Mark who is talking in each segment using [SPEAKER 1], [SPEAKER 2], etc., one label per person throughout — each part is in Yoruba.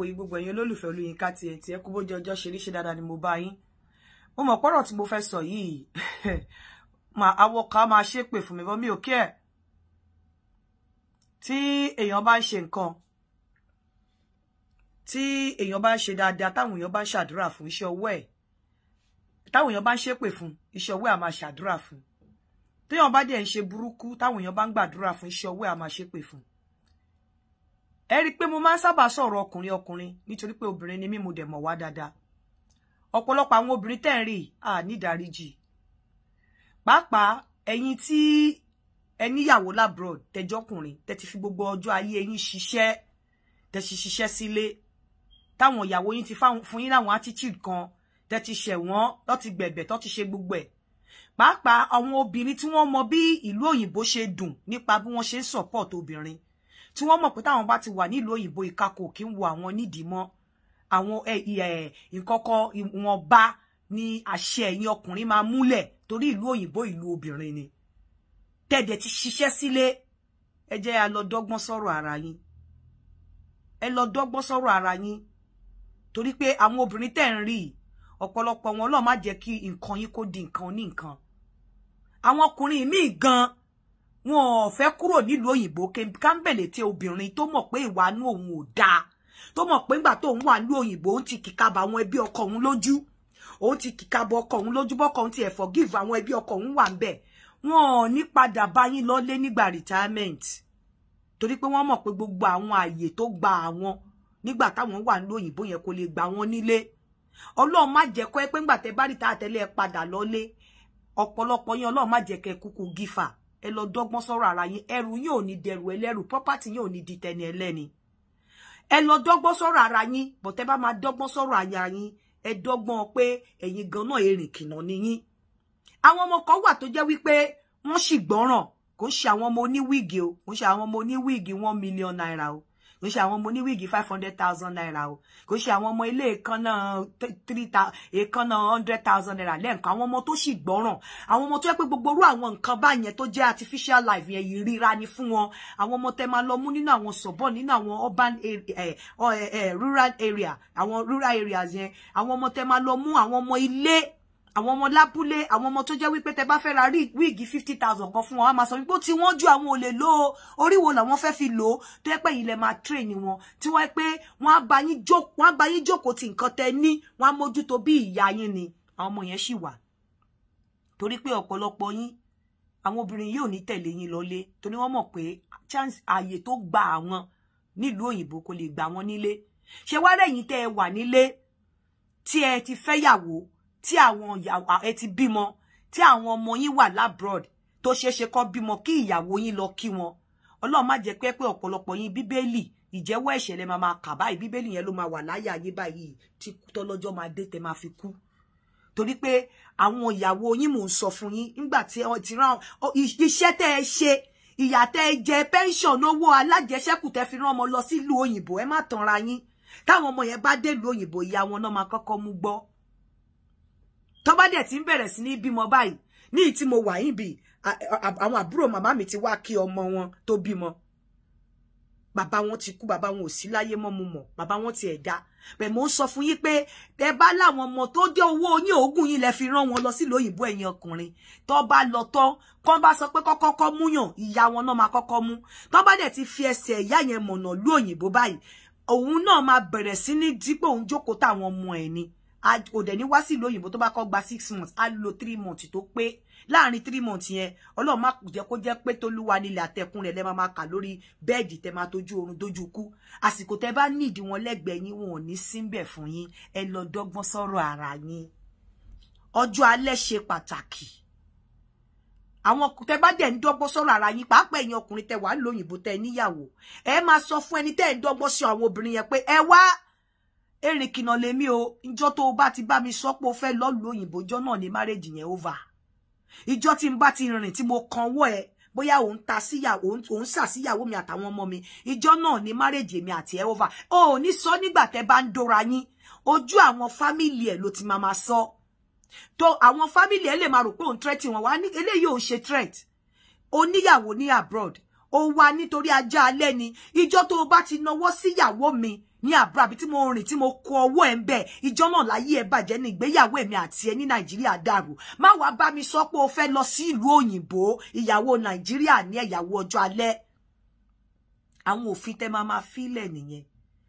[SPEAKER 1] ìwòye gbogbo ẹ̀yin olólùfẹ́ Olúyinká ti ẹ̀tì ẹ̀kú bójú ọjọ́ ṣe rí ṣe dáadáa ni mo bá yín mo mọ̀ pọ́rọ̀ tí mo fẹ́ sọ yìí àwọ̀ ká máa ṣépè fún mi bọ́ mi ò kí ẹ̀ tí èèyàn bá ń ṣe nǹkan tí èèyàn bá ń ṣe dáadáa táwọn èèyàn bá ń ṣàdúrà fún iṣẹ́ ọwọ́ ẹ̀ táwọn èèyàn bá ń ṣépè fún iṣẹ́ ọwọ́ ẹ̀ á máa ṣàdúrà fún téèyàn bá dẹ̀ ń ṣe burúkú táwọn èèyàn bá ń gbàdúrà fún iṣẹ́ ọwọ́ ẹ̀ á máa ṣépè fún un ẹ pe i pé mo máa ń sábà sọ̀rọ̀ ọkùnrin ọkùnrin nítorí pé obìnrin ni mí mo dẹ̀ mọ̀ wá dáadáa ọ̀pọ̀lọpọ̀ àwọn obìnrin tẹ́ ń rí à nídàríjì pàápàá ẹ̀yin tí ẹ níyàwó labroad tẹjọ́kùnrin tẹ ti fi gbogbo ọjọ́ ayé yín ṣiṣẹ́ tẹ ti ṣiṣẹ́ sílé táwọn ìyàwó yín ti fún yín láwọn attitude kan tẹ ti ṣẹ̀ wọ́n lọ ti gbẹ̀bẹ̀ tó ti ṣe gbogbo ẹ̀ pàápàá àwọn obìnrin tí wọ́n mọ bí ìlú òyìnbó ṣe dùn nípa bí wọ́n ṣe support obìnrin tí wọ́n mọ̀ pé táwọn bá ti wà nílùú òyìnbó ìkakò kí ń wo àwọn nídìí mọ́ àwọn eh, eh, ìkọ́kọ́ wọn bá ní àṣẹ ẹ̀yìn ọkùnrin máa múlẹ̀ torí ìlú òyìnbó ìlú obìnrin ni tẹ̀dẹ̀ ti ṣiṣẹ́ sílé ẹ jẹ́ lo lọ dọ́gbọ́n sọ̀rọ̀ ara yín ẹ lọ dọ́gbọ́n sọ̀rọ̀ ara yín torí pé àwọn obìnrin tẹ̀ ń rí ọ̀pọ̀lọpọ̀ wọn lọ́ọ́ má jẹ́ kí nǹkan yín di nǹkan oní nǹkan àwọn ọkùnrin míì gan wọn ò fẹ́ kúrò nílùú òyìnbó kámbẹ̀lè tẹ obìnrin tó mọ̀ pé ìwà inú òun ò dáa tó mọ̀ pé ńgbà tóun wà nílùú òyìnbó òun ti kìkàbà àwọn ẹbí ọkọ òun lójú òun ti kìkàbà ọkọ òun lójú bọ́kọ òun ti ẹ̀ forgive àwọn ẹbí ọkọ òun wà ń bẹ̀ wọn ò ní padà bá yín lọ́lé nígbà retirement torí pé wọ́n mọ̀ pé gbogbo àwọn ààyè tó gba àwọn nígbà táwọn wà nílùú òyìnbó yẹn kò lè gbà wọ́n nílé ọlọ́run má jẹ́ kọ́ ẹ pé ńgbà tẹ bá rí ta àtẹ́lẹ̀ padà lọ́lé ọ̀pọ̀lọpọ̀ yín ọlọ́run má jẹ́ kẹ́ kúkú gífà ẹ lọ dọ́gbọ́n sọ̀rọ̀ ara yín ẹrù yín ò ní dẹrù ẹlẹ́rù property yín ò ní di eleni ẹlẹ́ni ẹ lọ dọ́gbọ́n sọ̀rọ̀ ara yín bó tẹ́ bá máa dọ́gbọ́n sọ̀rọ̀ aya yín ẹ dọ́gbọ́n pé ẹ̀yin gan erin kìnà ni yín àwọn ọmọ kan wà tó jẹ́ wípé wọ́n sì gbọ́ràn kò ń ṣe àwọn ni oníwíìgì o kò ń ṣe àwọn ọmọ oníwíìgì one million naira o kò ṣe àwọn ọmọ oníwíìgì five hundred thousand naira o kò ṣe àwọn ọmọ ilé èkánná three thousand èkánná hundred thousand naira lẹ́ǹkan àwọn ọmọ tó sì gbọ́ràn àwọn ọmọ tó yẹ pé gbogbo orú àwọn nǹkan báyẹn tó jẹ́ artificial life yẹn yìí ríra ni fún wọn àwọn ọmọ tẹ máa lọ mú nínú àwọn sọ̀bọ̀ nínú àwọn urban rural area àwọn rural areas yẹn àwọn ọmọ tẹ máa lọ mú àwọn ọmọ ilé àwọn ọmọ lábúlé àwọn ọmọ tó jẹ́ wípé tẹ bá fẹ́ ra wíìgì fifty thousand kan fún wọn wọ́n máa sọ wípé ó ti wọ́n ju àwọn olè lò ó orí wo làwọn fẹ́ fi lò ó tó yẹ pé ilẹ̀ máa train wọn tí wọ́n pé wọ́n á bá yín jókòó wọ́n á bá yín jókòó tí nǹkan tẹ ní wọ́n á mójútó bí ìyá yín ni àwọn ọmọ yẹn sì wà torí pé ọ̀pọ̀lọpọ̀ yín àwọn obìnrin yóò ní tẹ̀lé yín lọlé torí wọ́n mọ̀ pé chance ààyè tó gba àwọn nílùú òyìnbó kò lè gbà wọ́n nílé ṣé wá rẹ̀yìn tẹ́ ẹ wà nílé tí ẹ ti fẹ́yàwó tí àwọn ìyàwó ẹ ti bímọ tí àwọn ọmọ yín wà labroad tó ṣeé ṣe kó bímọ kí ìyàwó yín lọ kí wọn Ọlọ́run má jẹ́ pé pé ọ̀pọ̀lọpọ̀ yín bíbélì ìjẹ́wọ́ ẹ̀ṣẹ̀ lẹ máa máa kà báyìí bíbélì yẹn ló máa wà láyà yín báyìí tí tọ́lọ́jọ́ máa dé fi kú torí pé àwọn ìyàwó yín mò ń sọ fún yín nígbà tí ti rán iṣẹ́ tẹ́ ẹ ṣe ìyà tẹ́ ẹ jẹ pension owó alájẹṣẹ́kù tẹ́ fi rán ọmọ lọ sílùú òyìnbó ẹ má tanra yín táwọn ọmọ yẹn bá dé ìlú òyìnbó ìyá wọn náà máa kọ́kọ́ mú gbọ́ tó bá dẹ̀ ti ń bẹ̀rẹ̀ sí ní bímọ báyìí ní tí mo wà yín bí àwọn àbúrò màmá mi ti wá kí ọmọ wọn tó bímọ bàbá wọn ti kú bàbá wọn ò sí láyé mo mọ̀ bàbá wọn ti ẹ̀dá bẹ́ẹ̀ mo ń sọ fún yín pé tẹ bá láwọn ọmọ tó dé owó yín òógùn yín lẹ fi rán wọn lọ sílùú òyìnbó ẹ̀yin ọkùnrin tó bá lọ tán kán bá sọ pé kọ́kọ́kọ́ múyàn ìyá wọn náà máa kọ́kọ́ mú tó bá dẹ̀ ti fi ẹsẹ̀ ìyá yẹn mọ̀nà lú òyìnbó báyìí òun náà máa bẹ̀rẹ̀ sí ní dípò òun jókòó táwọn ọmọ ẹ̀ ni kò dẹ̀ ní wá sí ìlú òyìnbó tó bá kọ́ gba six months á lo three months tó pé láàrin three months yẹn ọlọ́run má jẹ́ kó jẹ́ pé tolúwa nílẹ̀ àtẹkùn rẹ̀ lẹ́ máa máa kà lórí bẹ́ẹ̀dì tẹ́ máa tójú oorun dójú kú àsìkò tẹ́ bá nídìí wọn lẹ́gbẹ̀ẹ́ yín wọn ò ní síbẹ̀ fún yín ẹ lọ dọ́gbọ́n sọ̀rọ̀ ara yín ọjọ́ alẹ́ ṣe pàtàkì àwọn tẹ́ bá dẹ̀ ń dọ́gbọ́n sọ̀rọ̀ ara yín pàápàá ẹ̀yin ọkùnrin tẹ́ wà lóyìnbó tẹ́ níyàwó ẹ máa sọ fún ẹni tẹ́ ń dọ́gbọ́n sí àwọn obìnrin yẹn pé ẹ wá erin kìnà lèmi o ìjọ tó ba bá ti bá mi sọ pé o fẹ́ lọ́lù òyìnbó ìjọ ni marriage yẹn over ìjọ tí n bá ti rìn tí mo kanwọ́ ẹ bóyá òun ta síyàwó òun sà síyàwó mi àtàwọn ọmọ mi ìjọ náà ni marriage mi àti ẹ over o ni ní sọ te tẹ bá ń dóra yín family àwọn fámìlì ẹ ló ti máa ma sọ tó àwọn fámìlì ẹ lè máa rò pé threat wọn wá ní eléyìí ò ṣe threat oníyàwó ní abroad o wa nítorí ajá alẹ́ ni ìjọ tó o bá ti nawọ́ síyàwó mi Ni àbúrò àbí tí mo rìn tí mo kọ ọwọ́ ẹ̀ ń bẹ̀ ìjọ náà láyé ẹ bàjẹ́ ní ìgbéyàwó èmi àti ẹ ní nàìjíríà dàrú má wàá bá mi sọ pé o fẹ́ lọ sí ìlú òyìnbó ìyàwó nàìjíríà ní ẹ̀yàwó ọjọ́ alẹ́ àwọn òfin tẹ máa máa fílẹ̀ nìyẹn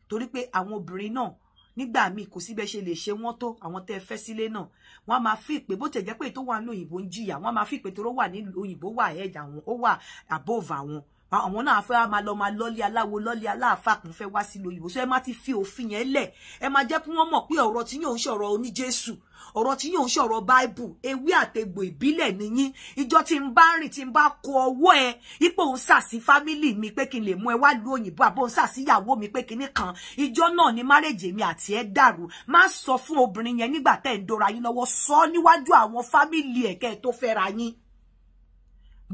[SPEAKER 1] torí pé àwọn obìnrin náà nígbà míì kò síbẹ̀ ṣe lè ṣe wọ́n tó àwọn tẹ́ fẹ́ sílé náà wọ́n á máa fi ìpè bó tẹ̀ jẹ́ pé tó wà ní òyìnbó ń jìyà wọ́n fi ìpè tó wà ní òyìnbó wà ẹ̀ẹ́dà wọn ó wà àbóòvà wọn Ah, àwọn náà fẹ́ máa lọ máa lọ́lé aláwo lọ́lé aláàfà kún fẹ́ wá sí lóyìnbó so ẹ má ti fi òfin yẹn lẹ̀ ẹ má jẹ́ kí wọ́n mọ̀ pé ọ̀rọ̀ tí yóò ń ṣọ̀rọ̀ oní jésù ọ̀rọ̀ tí yóò ń ṣọ̀rọ̀ báìbù ewé àtegbò ìbílẹ̀ nìyín ìjọ tí ń bá rìn tí ń bá kọ ọwọ́ ẹ ipò òun sàsí fámílì mi pé kí n lè mú ẹ wá lu òyìnbó àbò òun sàsí ìyàwó mi pé kinní kan ìjọ náà ni márèjì mi àti ẹ dàrú má sọ fún obìnrin yẹn nígbà tẹ́ ń dora yín lọ́wọ́ sọ níwájú àwọn fámílì ẹ̀kẹ́ tó fẹ́ra yín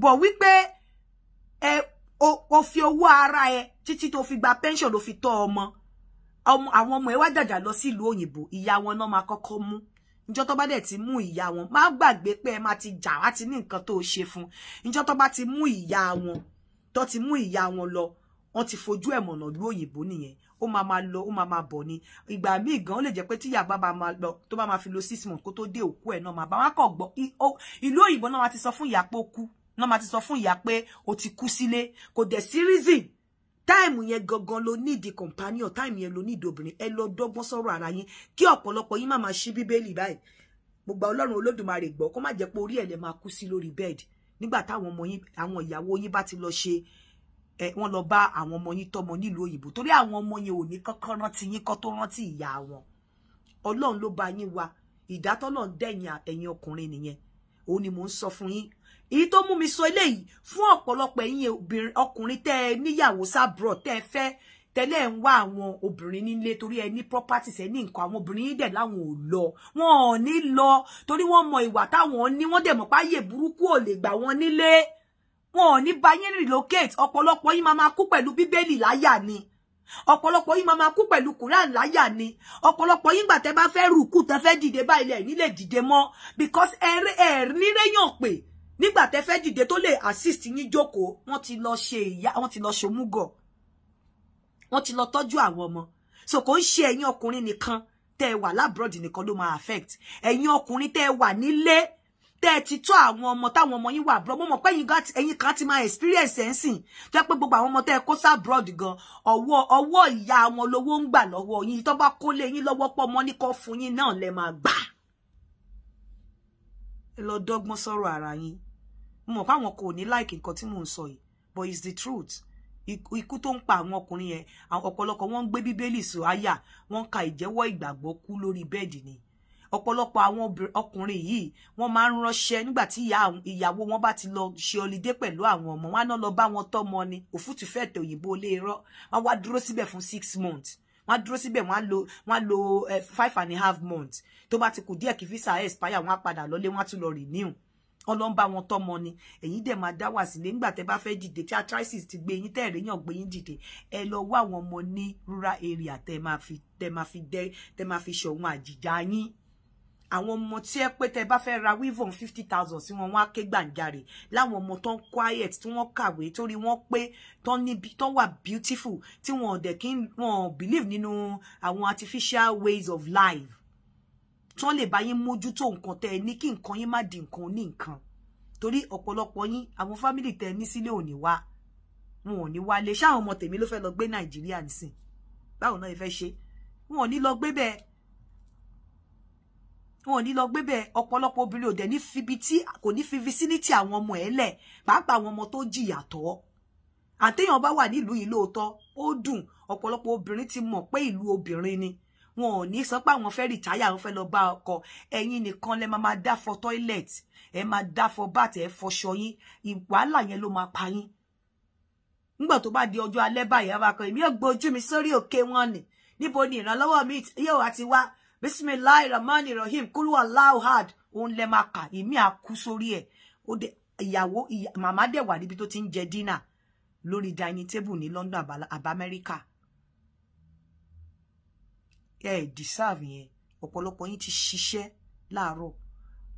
[SPEAKER 1] bọ̀ wípé ẹ o o fi owó ara ẹ títí tó fi gba pension ló fi tọ́ ọmọ ọmọ àwọn ọmọ ẹ wá jàjà lọ sí ìlú òyìnbó ìyá wọn náà máa kọ́kọ́ mú ǹjọ́ tó bá dẹ̀ ti mú ìyá wọn má gbàgbé pé ẹ máa ti jà wá ti ní nǹkan tó ṣe fún ǹjọ́ tó bá ti mú ìyá wọn tó ti mú ìyá wọn lọ wọ́n ti fojú ẹ̀ mọ̀nà ìlú òyìnbó nìyẹn ó máa máa lọ ó ma máa bọ̀ ni ìgbà míì gan ó lè jẹ́ pé tíyà bàbá máa lọ tó bá máa fi lo six months kó tó dé òkú ẹ̀ náà máa bá wọn kọ̀ gbọ́ ìlú òyìnbó náà wá ti sọ fún ìyá pé no ma ti sọ fún ìyá pé o ti kú sílé kò dẹ̀ sí time yẹn gangan ló need companion time yẹn ló need obìnrin ẹ lọ dọ́gbọ́n sọ̀rọ̀ ara yín kí ọ̀pọ̀lọpọ̀ yín má ma ṣí bíbélì báyìí mo gba Ọlọ́run Olódùmarè gbọ́ kó má jẹ́ pé orí ẹ̀ lè máa kú sí lórí bed nígbà táwọn ọmọ yín àwọn ìyàwó yín bá ti lọ ṣe ẹ wọ́n lọ bá àwọn ọmọ yín tọ́mọ nílùú òyìnbó torí àwọn ọmọ yẹn ò ní kankan rántí yín kó tó rántí ìyá wọn Ọlọ́run ló bá yín wá ìdátọlọ ń dẹyìn ẹ̀yin ọkùnrin nìyẹn ni mò ń sọ fún èyí tó mú mi sọ eléyìí fún ọ̀pọ̀lọpọ̀ ẹ̀yin obìnrin ọkùnrin tẹ́ ẹ níyàwó sábrọ tẹ́ ẹ fẹ́ tẹ́lẹ̀ ń wá àwọn obìnrin nílé torí ẹ ní properties ẹ ní nǹkan àwọn obìnrin yìí dẹ̀ láwọn ò lọ wọn ò ní lọ torí wọ́n mọ ìwà táwọn ní wọ́n dẹ̀ mọ̀ páyè burúkú ò lè gbà wọ́n nílé wọn ò ní bá relocate ọ̀pọ̀lọpọ̀ yín máa máa kú pẹ̀lú bíbélì láyà ni ọ̀pọ̀lọpọ̀ yín máa máa kú pẹ̀lú quran láyà ni ọ̀pọ̀lọpọ̀ yín gbà tẹ́ bá fẹ́ rùkù tẹ́ fẹ́ dìde báyìí lẹ̀ nílẹ̀ dìde mọ́ because ẹ̀rí ẹ̀rí nírẹ́yàn pè nígbà tẹ́ fẹ́ dìde tó lè assist yín jókòó wọ́n ti lọ ṣe ìyá wọ́n ti lọ ṣomúgọ̀ wọ́n ti lọ tọ́jú àwọn ọmọ so kò ń ṣe ẹ̀yin ọkùnrin nìkan tẹ́ ẹ wà lábroad nìkan ló máa affect ẹ̀yin ọkùnrin tẹ́ ẹ wà nílé tẹ́ ti tọ́ àwọn ọmọ táwọn ọmọ yín wà abroad mo mọ̀ pé ẹ̀yin kan ti máa experience ẹ̀ ń sìn tó yẹ pé gbogbo àwọn ọmọ tẹ́ ẹ kó sá abroad gan ọwọ́ ọwọ́ ìyá wọn lówó ń gbà lọ́wọ́ yín tó bá kó lé yín lọ́wọ́ pọ̀ mọ́ ní kọ́ fún yín náà lẹ máa gbà ẹ lọ dọ́gbọ́n sọ̀rọ̀ ara yín mo mọ̀ pé àwọn kò ní láìkì nǹkan tí mò ń but it's the truth Iku tó ń pa àwọn ọkùnrin yẹn ọ̀pọ̀lọpọ̀ wọ́n ń so aya sọ àyà wọ́n ń ka ìjẹ́wọ́ ìgbàgbọ́ kú lórí bẹ́ẹ̀dì ni ọ̀pọ̀lọpọ̀ àwọn ọkùnrin yìí wọ́n máa ń ránṣẹ́ nígbà tí ìyàwó wọn bá ti lo ṣe ọlidé pẹ̀lú àwọn ọmọ wọn á náà lọ bá wọn tọ́mọ ni òfútù fẹ̀tẹ̀ òyìnbó lè rọ́ wọn wá dúró síbẹ̀ fún six months wọn á dúró síbẹ̀ wọn lo wọn lo eh, five and a half months tó bá ti kù díẹ̀ kí visa expire wọn á padà lọlé wọn tún lọ renew ọlọ́n bá wọn tọ́mọ ni ẹ̀yin dẹ̀ máa dá wà sílé nígbà tẹ́ bá fẹ́ dìde tí arthritis ti gbé yín tẹ̀rẹ̀ yàn gbé yín dìde ẹ lọ wá àwọn ọmọ ní rural area tẹ́ máa fi tẹ́ máa fi dẹ́ tẹ́ máa fi ṣọ̀wọ́n àjìjà yín àwọn ọmọ tí ẹ pé tẹ́ bá fẹ́ ra wivon fifty thousand sí wọn wọ́n á ké gbàǹjarè láwọn ọmọ tó ń quiet tí wọ́n kàwé torí wọ́n pé tó níbi tó wà beautiful tí wọn ò dẹ̀ kí wọn believe nínú àwọn artificial ways of life tó lè bá yín mójútó nǹkan tẹ́ ẹ ní kí nǹkan yín má di nǹkan ní nǹkan torí ọ̀pọ̀lọpọ̀ yín àwọn fámìlì tẹ́ ẹ ní sílé ò ní wá wọn ò ní wá lè ṣáwọn ọmọ tèmi ló fẹ́ lọ gbé nàìjíríà nísìn báwo náà ẹ fẹ́ ṣe wọn ò ní lọ gbé bẹ́ẹ̀ wọn ò ní lọ gbé bẹ́ẹ̀ ọ̀pọ̀lọpọ̀ obìnrin ò dẹ̀ ní fibi tí kò ní fi fisílítì àwọn ọmọ ẹ̀ lẹ̀ pàápàá àwọn ọmọ tó jìyà tọ́ àtẹ̀yàn bá wà nílùú yìí lóòótọ́ ó dùn ọ̀pọ̀lọpọ̀ obìnrin ti mọ̀ pé ìlú obìnrin ni wọn ò ní sọ pé àwọn fẹ́ rìtáyà àwọn fẹ́ lọ bá ọkọ ẹ̀yin nìkan lẹ máa dáfọ toilet da for dáfọ bàtẹ ẹ fọṣọ yín ìwàhálà yẹn ló máa pa yín nígbà tó bá di ọjọ́ alẹ́ báyìí àwọn akọ èmi ò gbójú mi sórí òkè wọn ni níbo ni ìrànlọ́wọ́ mi yóò àti wá bisimilahi rahman rahim kúlù aláwọ hard òun lẹ máa kà èmi àkú o de ìyàwó mama de wa níbi tó ti ń jẹ dínà lórí dining table ní London àbá Amẹ́ríkà ẹ deserve yẹn ọ̀pọ̀lọpọ̀ yín ti ṣiṣẹ́ láàárọ̀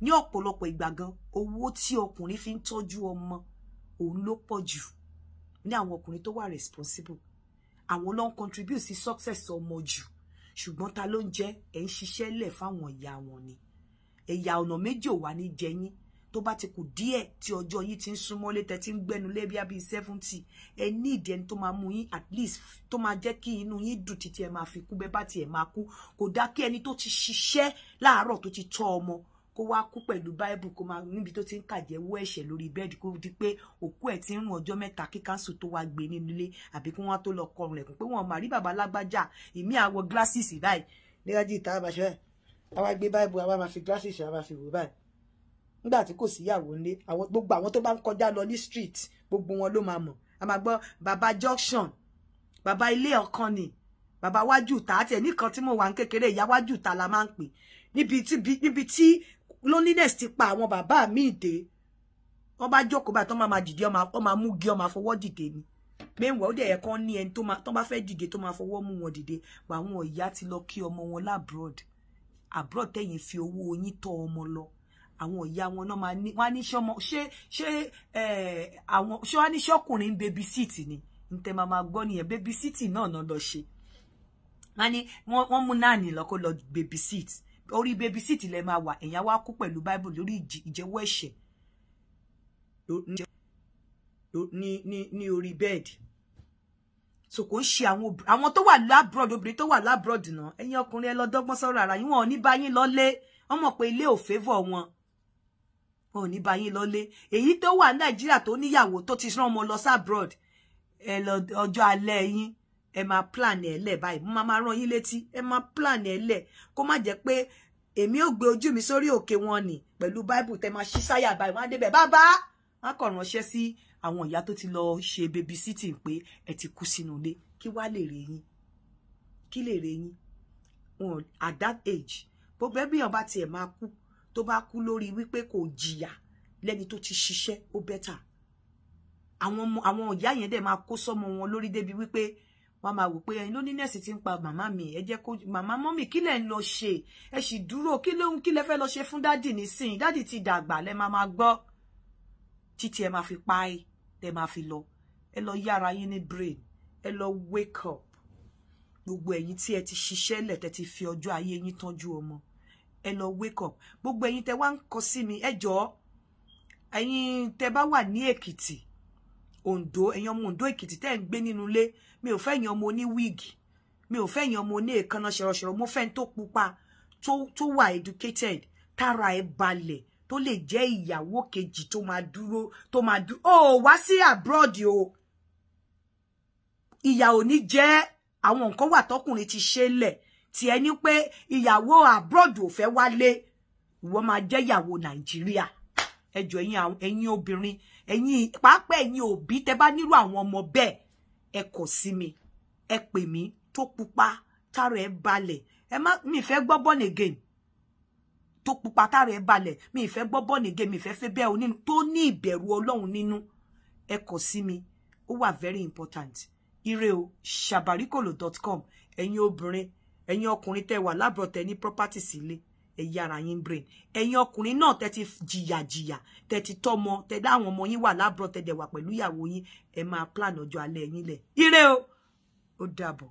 [SPEAKER 1] ní ọ̀pọ̀lọpọ̀ ìgbà gan owó tí ọkùnrin fi ń tọ́jú ọmọ òun ló pọ̀ jù ní àwọn ọkùnrin tó wà responsible àwọn ló ń contribute sí success ọmọ jù ṣùgbọ́n ta ló ń jẹ́ ẹ̀ ń ṣiṣẹ́ lẹ̀ fáwọn ìyá wọn ni ẹ̀yà ọ̀nà méjì ò wá ní jẹyín tó bá ti kù díẹ̀ tí ọjọ́ yìí ti ń súnmọ́lé tẹ́ ti ń gbẹ́nu lé bí abí seventy ẹ ní ìdí ẹni tó máa mú yín at least tó máa jẹ́ kí inú yín dùn títí ẹ máa fi kú bẹ́ẹ̀ bá tiẹ̀ máa kú kò dá kí ẹni tó ti ṣiṣẹ́ láàárọ̀ tó ti tọ́ ọmọ kó wá kú pẹ̀lú báíbù kó máa níbi tó ti ń kàjẹ́wọ́ ẹ̀ṣẹ̀ lórí bẹ́ẹ̀dì kó di pé òkú ẹ̀ ti ń rún ọjọ́ mẹ́ta kí káńsù tó wá gbé nínú ilé àbí kí wọ́n tó lọ kọrun ẹ̀kún pé wọ́n máa rí bàbá lágbájá ìmí àwọ̀ gíláṣìsì báyìí níwájú ìta àbàṣẹ́ àwa gbé báíbù àwa máa fi gíláṣìsì àwa fi wò báyìí nígbà tí kò síyàwó nílé àwọn gbogbo àwọn tó bá ń kọjá lọ ní street gbogbo wọn ló máa mọ̀ a máa gbọ́ bàbá junction bàbá ilé ọkàn ni bàbá wájú ta àti ẹ̀ nìkan tí mo wà ń kékeré ìyá wájú ta la máa ń pè níbi tí níbi tí loneliness ti pa àwọn bàbá mi dé wọ́n bá jókòó báyìí tó máa máa dìde wọ́n máa mú gé wọ́n máa fọwọ́ dìde ni meanwhile ó dẹ̀ yẹ ní ẹni tó bá fẹ́ dìde tó máa fọwọ́ mú wọn dìde wà àwọn ìyá ti lọ kí ọmọ wọn lábroad abroad tẹ̀yìn fi owó yín tọ́ ọmọ lọ àwọn ìyá wọn náà máa ní wọn á ní ṣọmọ ṣé ṣé àwọn ṣé wọn á ní ṣọkùnrin bébí síìtì ni n tẹ máa máa gbọ́ nìyẹn bébí síìtì náà náà lọ ṣe wọn ní wọn mú náà nìlọ kó lọ bébí síìtì orí bébí síìtì lẹ máa wà ẹ̀yàn wá kú pẹ̀lú báíbù lórí ìjẹ́wọ́ ẹ̀ṣẹ̀ ní ní ní orí bẹ́ẹ̀dì so kò ń ṣe àwọn àwọn tó wà lábúrọ̀dì obìnrin tó wà lábúrọ̀dì náà ẹ̀yin ọkùnrin ẹ lọ dọ́gbọ́n sọ̀rọ̀ ara yín wọn ò ní bá yín lọ́lé wọ́n mọ̀ pé ilé ò fẹ́vọ̀ wọn wọn ò ní bá yín lọlé èyí tó wà nàìjíríà tó níyàwó tó ti rán ọmọ lọ sí abroad ẹ lọ ọjọ́ alẹ́ yín ẹ máa plan ẹ lẹ báyìí mo máa rán yín létí ẹ máa plan ẹ lẹ kó má jẹ́ pé èmi ò gbé ojú mi sórí òkè wọn ni pẹ̀lú bible tẹ máa ṣí sáyà báyìí wọn á débẹ̀ bàbá wọn kàn ránṣẹ́ sí àwọn ìyá tó ti lọ ṣe baby sitting pé ẹ ti kú sínú ilé kí wá lè rè yín kí lè rè yín at that age bó bẹ́ẹ̀ bí èèyàn bá tiẹ̀ máa kú tó bá kú lórí wípé kò jìyà lẹ́ni tó ti ṣiṣẹ́ ó bẹ́tà àwọn ọmọ àwọn ìyá yẹn dẹ̀ máa kó sọ́mọ wọn lórí débi wípé wọ́n máa wò pé ẹ̀yin ló ní nẹ́ẹ̀sì tí ń pa màmá mi ẹ jẹ́ kó màmá mọ́mì kí lẹ̀ ń lọ ṣe ẹ sì dúró kí lóhun kí lẹ fẹ́ lọ ṣe fún dádì nísìnyí dádì ti dàgbà lẹ máa máa gbọ́ títí ẹ máa fi pa ẹ tẹ máa fi lọ ẹ lọ yára yín ní brain ẹ lọ wake up gbogbo ẹ̀yin tí ẹ ti ṣiṣẹ́ lẹ̀ tẹ ti fi ọjọ́ ayé yín tọ́jú ọmọ ẹ lọ wake up gbogbo ẹ̀yin tẹ́ wá ń kọ sí mi ẹ jọ̀ọ́ ẹ̀yin tẹ́ bá wà ní Èkìtì Ondo ẹ̀yin ọmọ Ondo Èkìtì tẹ́ ń gbé nínú ilé mi ò fẹ́ ẹ̀yin ọmọ oní wíìgì mi ò fẹ́ ẹ̀yin ọmọ oní èékánná ṣẹ̀rọ̀ṣẹ̀rọ̀ mo fẹ́ tó pupa tó tó wà educated Tara e balẹ̀ tó le jẹ́ ìyàwó kejì tó máa dúró tó máa dúró ó wá sí abroad o Iya oni ní jẹ́ àwọn nǹkan wà ti ṣe tiẹ̀ ní pé ìyàwó abroad ò fẹ́ wálé ìwọ máa jẹ́ ìyàwó nàìjíríà ẹjọ ẹ̀yin ẹ̀yin obìnrin ẹ̀yin pàápàá ẹ̀yin òbí tẹ́ bá nílò àwọn ọmọ bẹ́ẹ̀ ẹ kọ sí mi ẹ pè mí tó pupa tára ẹ balẹ̀ ẹ mi fe gbọ́ born again tó pupa tára ẹ mi fe gbọ́ born again mi fe fe bẹ́ẹ̀ onínú tó ní ìbẹ̀rù Ọlọ́run nínú ẹ kọ sí mi ó wà very important ire o shabarikolo dot ẹ̀yin ọkùnrin tẹ́ wà lábọ̀ tẹ́ property sílé ẹ̀yà ara yín brain ẹ̀yin ọkùnrin náà tẹ́ ti jiya jiya tẹ́ ti tọ́mọ tẹ́ dá àwọn ọmọ yín wà lábọ̀ tẹ́ dẹ̀ wà pẹ̀lú ìyàwó yín ẹ máa plan ọjọ́ alẹ́ yín lẹ̀ ire o ó dàbọ̀.